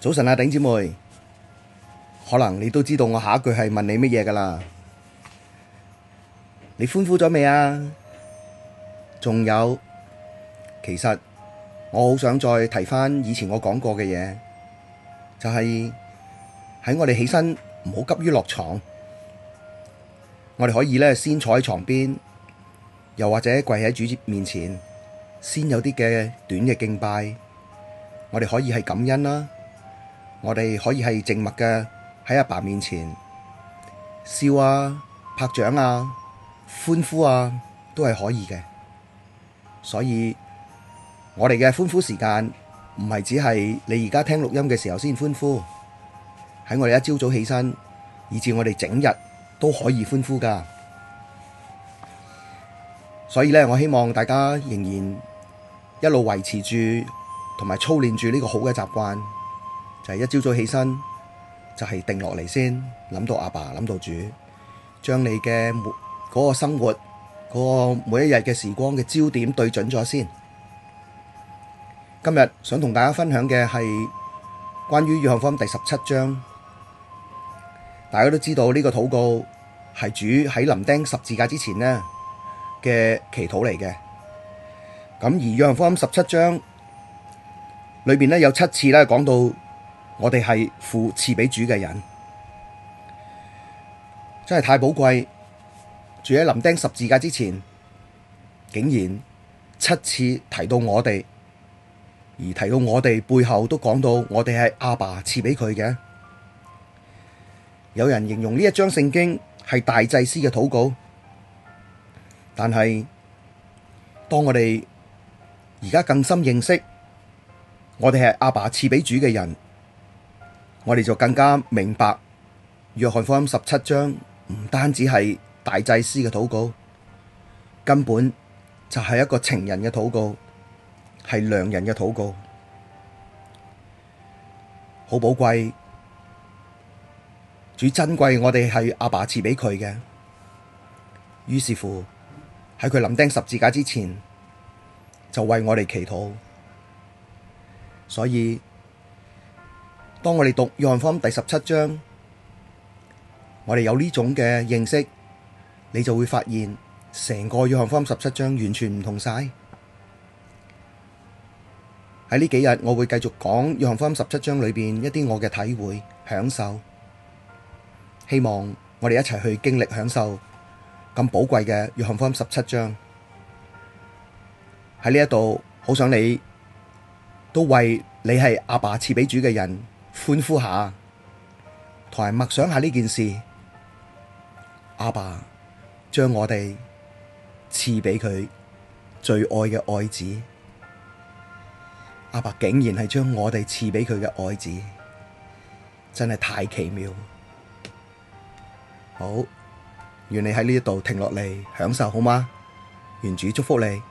早晨啊，頂姐妹，可能你都知道我下一句係問你乜嘢㗎喇。你歡呼咗未啊？仲有，其實我好想再提返以前我講過嘅嘢，就係喺我哋起身唔好急於落床，我哋可以咧先坐喺床邊，又或者跪喺主席面前，先有啲嘅短嘅敬拜，我哋可以係感恩啦。我哋可以係靜默嘅，喺阿爸面前笑啊、拍掌啊、歡呼啊，都係可以嘅。所以，我哋嘅歡呼時間唔係只係你而家聽錄音嘅時候先歡呼，喺我哋一朝早起身，以至我哋整日都可以歡呼噶。所以咧，我希望大家仍然一路維持住同埋操練住呢個好嘅習慣。誒，一朝早起身就係定落嚟先，諗到阿爸，諗到主，將你嘅嗰個生活，嗰個每一日嘅時光嘅焦點對準咗先。今日想同大家分享嘅係關於約翰福音第十七章。大家都知道呢個禱告係主喺臨釘十字架之前呢嘅祈禱嚟嘅。咁而約翰福音十七章裏邊呢有七次咧講到。我哋係父賜俾主嘅人，真係太寶貴。主喺臨釘十字架之前，竟然七次提到我哋，而提到我哋背後都講到我哋係阿爸賜俾佢嘅。有人形容呢一章聖經係大祭司嘅禱告，但係當我哋而家更深認識，我哋係阿爸賜俾主嘅人。我哋就更加明白，約翰福音十七章唔單止係大祭司嘅禱告，根本就係一個情人嘅禱告，係良人嘅禱告，好寶貴，主珍貴。我哋係阿爸賜畀佢嘅，於是乎喺佢臨釘十字架之前，就為我哋祈禱，所以。當我哋讀約翰福音第十七章，我哋有呢種嘅認識，你就會發現成個約翰福音十七章完全唔同晒。喺呢幾日，我會繼續講約翰福音十七章裏邊一啲我嘅體會、享受，希望我哋一齊去經歷、享受咁寶貴嘅約翰福音十七章。喺呢一度，好想你都為你係阿爸賜俾主嘅人。歡呼下，同埋默想下呢件事。阿爸將我哋賜畀佢最愛嘅愛子，阿爸竟然係將我哋賜畀佢嘅愛子，真係太奇妙。好，願你喺呢一度停落嚟享受，好嗎？願主祝福你。